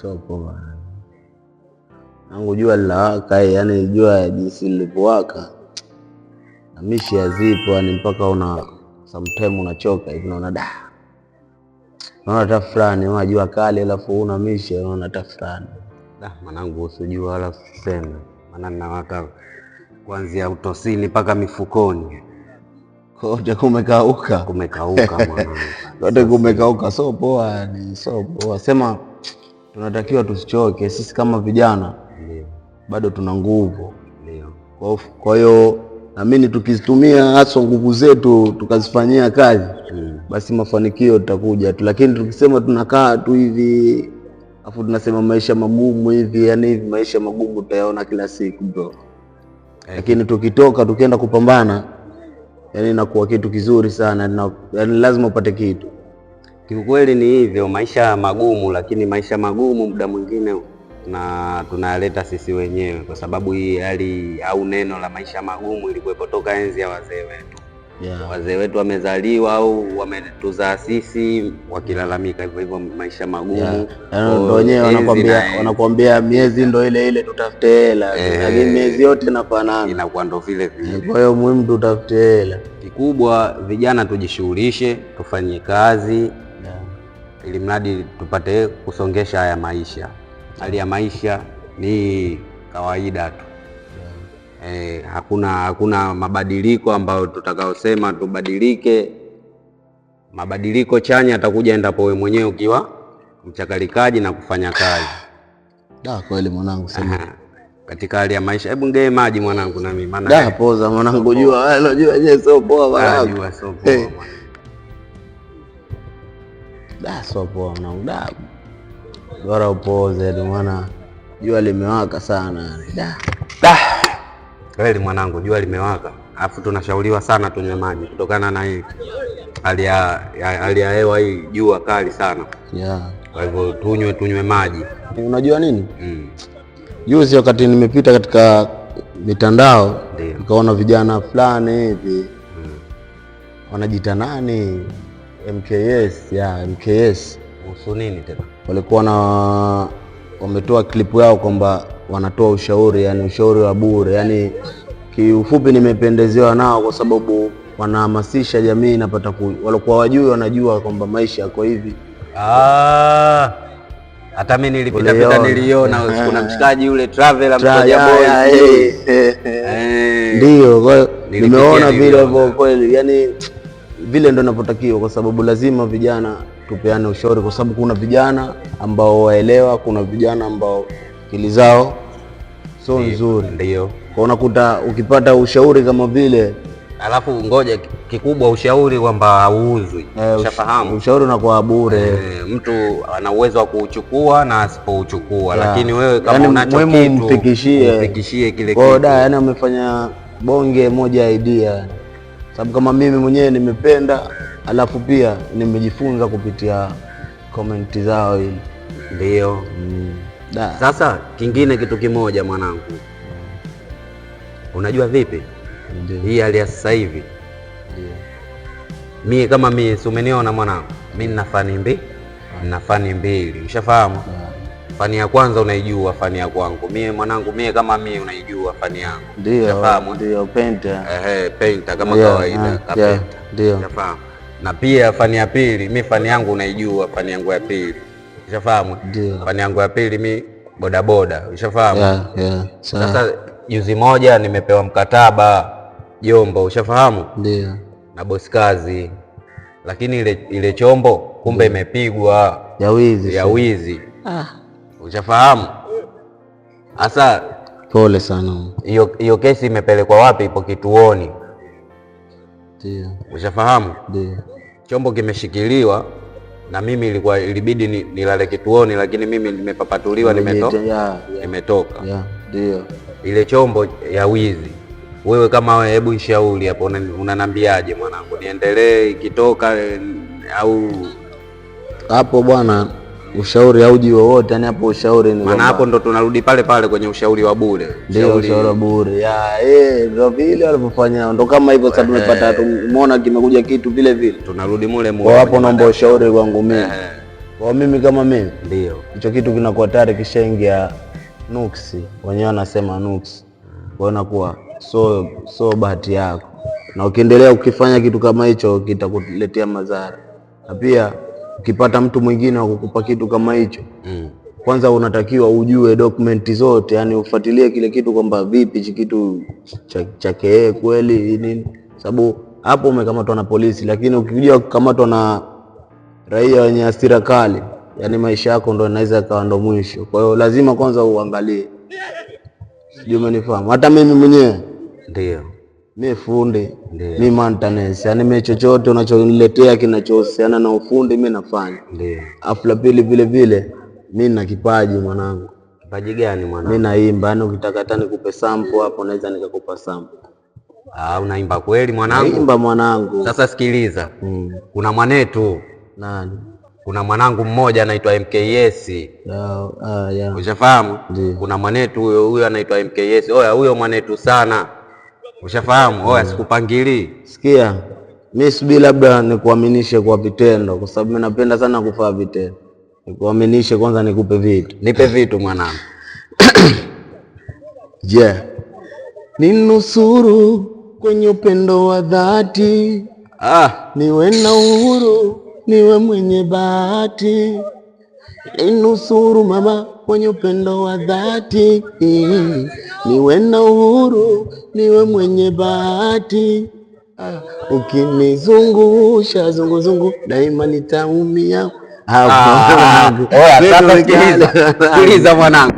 So poa nangu jua linawaka, yani jua jinsi lilivyowaka na mishi hazipo, yani mpaka una sometime unachoka hivi, unaona da naona tafurani, naona jua kali, alafu una mishe, naona tafurani. Da, mwanangu usijua wala usiseme, maana ninawaka kuanzia utosini mpaka mifukoni kote kumekauka, kumekauka mwanangu, kote kumekauka. So poa, ni so poa. Sema tunatakiwa tusichoke sisi kama vijana, bado tuna nguvu. Kwa hiyo naamini tukizitumia haswa nguvu zetu tukazifanyia kazi hmm basi mafanikio tutakuja tu, lakini tukisema tunakaa tu hivi afu tunasema maisha magumu hivi, yani hivi maisha magumu tutayaona kila siku bro, hey. Eh. Lakini tukitoka tukienda kupambana, yani inakuwa kitu kizuri sana na, yani lazima upate kitu kiukweli. Ni hivyo maisha magumu, lakini maisha magumu muda mwingine na tunayaleta sisi wenyewe, kwa sababu hii hali au neno la maisha magumu ilikuwepo toka enzi ya wazee wetu yeah. Wazee wetu wamezaliwa au wametuzaa sisi wakilalamika hivyo hivyo maisha magumu, yaani ndio wenyewe wanakuambia wanakuambia miezi ndo ile ile tutafute hela, eh. lakini miezi yote inafanana, inakuwa ndo vile vile. Eh, kwa hiyo muhimu tutafute hela. Kikubwa vijana tujishughulishe, tufanye kazi yeah. ili mradi tupate kusongesha haya maisha. Hali ya maisha ni kawaida tu eh, hakuna hakuna mabadiliko ambayo tutakayosema tubadilike. Mabadiliko chanya atakuja endapo wewe mwenyewe ukiwa mchakalikaji na kufanya kazi. Da, kweli mwanangu, sema katika hali ya maisha. Hebu ngee maji mwanangu, na mimi maana da, poza mwanangu, jua wewe unajua yeye sio poa mwanangu, ah, jua sio poa eh. Da, sio poa mwanangu, da bora upoze tu, maana jua limewaka sana da, da. Kweli mwanangu, jua limewaka, alafu tunashauriwa sana tunywe maji kutokana na hii hali ya hewa hii, jua kali sana yeah. Kwa hivyo tunywe tunywe maji. Unajua nini, mm. juzi mm. wakati nimepita katika mitandao nikaona vijana fulani hivi mm. wanajiita nani MKS ya MKS, kuhusu nini tena, walikuwa na wametoa klipu yao kwamba wanatoa ushauri, yani ushauri wa bure. Yani kiufupi, nimependezewa nao kwa sababu wanahamasisha jamii, inapata walikuwa wajui, wanajua kwamba maisha yako hivi. Ah, hata mimi nilipita pita niliona kuna mshikaji yule travel mtoja boy, eh. Eh. ndio kwa nimeona vile hivyo kweli, yani vile ndo napotakiwa, kwa sababu lazima vijana tupeane ushauri, kwa sababu kuna vijana ambao waelewa, kuna vijana ambao akili zao sio nzuri, ndio kwa unakuta ukipata ushauri kama vile alafu ngoja kikubwa ushauri kwamba auuzwi e, eh, ushafahamu ushauri unakuwa bure e, mtu ana uwezo wa kuuchukua na asipouchukua yeah. Lakini wewe kama yani unacho kitu mfikishie mfikishie kile kitu da, yani amefanya bonge moja ya idea, sababu kama mimi mwenyewe nimependa, alafu pia nimejifunza kupitia komenti zao, hili ndio mm. Da. Sasa kingine kitu kimoja mwanangu, unajua vipi hii hali ya sasa hivi? Mie kama mie si umeniona mwanangu, mi nina fani mbili, nina fani mbili, ushafahamu? Fani ya kwanza unaijua, fani ya kwangu mie mwanangu, mie kama mie unaijua fani yangu, ushafahamu? Ndio penta, ehe, penta kama kawaida, ah, ndio ushafahamu. Na pia fani ya pili, mi fani yangu unaijua, fani yangu ya pili Ushafahamu? Fani yangu ya pili mi bodaboda, ushafahamu? yeah, yeah. Sasa juzi moja nimepewa mkataba Jombo, ushafahamu? Ndio. na bosi kazi, lakini ile, ile chombo kumbe imepigwa ya wizi, ya wizi. Ah. Ushafahamu? hasa pole sana. Hiyo kesi imepelekwa wapi? Ipo kituoni. Ndio. Ushafahamu? Ndio. Chombo kimeshikiliwa na mimi ilikuwa ilibidi nilale kituoni, lakini mimi nimepapatuliwa nimetoka, nimetoka ndio ile chombo ya wizi. Wewe kama hebu nishauri hapo, unanambiaje mwanangu, niendelee ikitoka au hapo bwana? ushauri auji wowote, yani hapo ushauri ni maana, hapo ndo tunarudi pale pale kwenye ushauri wa bure, ndio ushauri wa bure ya eh, ndio vile walivyofanya, ndo kama hivyo. Sasa tumepata eh. tumeona kimekuja kitu vile vile, tunarudi mule mule hapo. Naomba ushauri wangu mimi, eh, eh. kwa mimi kama mimi, ndio hicho kitu kinakuwa tayari kishaingia nuksi, wenyewe wanasema nuksi, kwa nakuwa so so bahati yako, na ukiendelea ukifanya kitu kama hicho kitakuletea madhara na pia ukipata mtu mwingine wa kukupa kitu kama hicho mm. Kwanza unatakiwa ujue document zote, yani ufuatilie kile kitu kwamba vipi hichi kitu chake kweli nini, sababu hapo umekamatwa na polisi, lakini ukija kukamatwa na raia wenye hasira kali, yani maisha yako ndo inaweza ikawa ndo mwisho. Kwa hiyo lazima kwanza uangalie, sijui umenifahamu. Hata mimi mwenyewe ndio mi fundi mi maintenance, yani mi chochote unachoniletea kinachohusiana na ufundi mi nafanya. Afu la pili vile vile mi na kipaji mwanangu. Kipaji gani mwanangu? Mi naimba, yani ukitaka hata nikupe sample hapo naweza nikakupa sample. Ah, unaimba kweli mwanangu? Naimba mwanangu. Sasa sikiliza, mm. kuna mwanetu nani? kuna mwanangu mmoja anaitwa MKS. Ah, Ushafahamu? kuna mwanetu huyo huyo anaitwa MKS. Oya, huyo mwanetu sana Ushafahamu? Oya, eh. sikupangili Sikia mi sibi labda nikuaminishe kwa vitendo, kwa sababu napenda sana kufaa vitendo. Nikuaminishe kwanza, nikupe vitu, nipe vitu mwanangu. Je, yeah. Ninusuru kwenye upendo wa dhati ah. Niwe na uhuru, niwe mwenye bahati inusuru mama kwenye upendo wa dhati, niwe na uhuru, niwe mwenye bahati. ukinizungusha zunguzungu daima nitaumia. Ah, sikiliza mwanangu.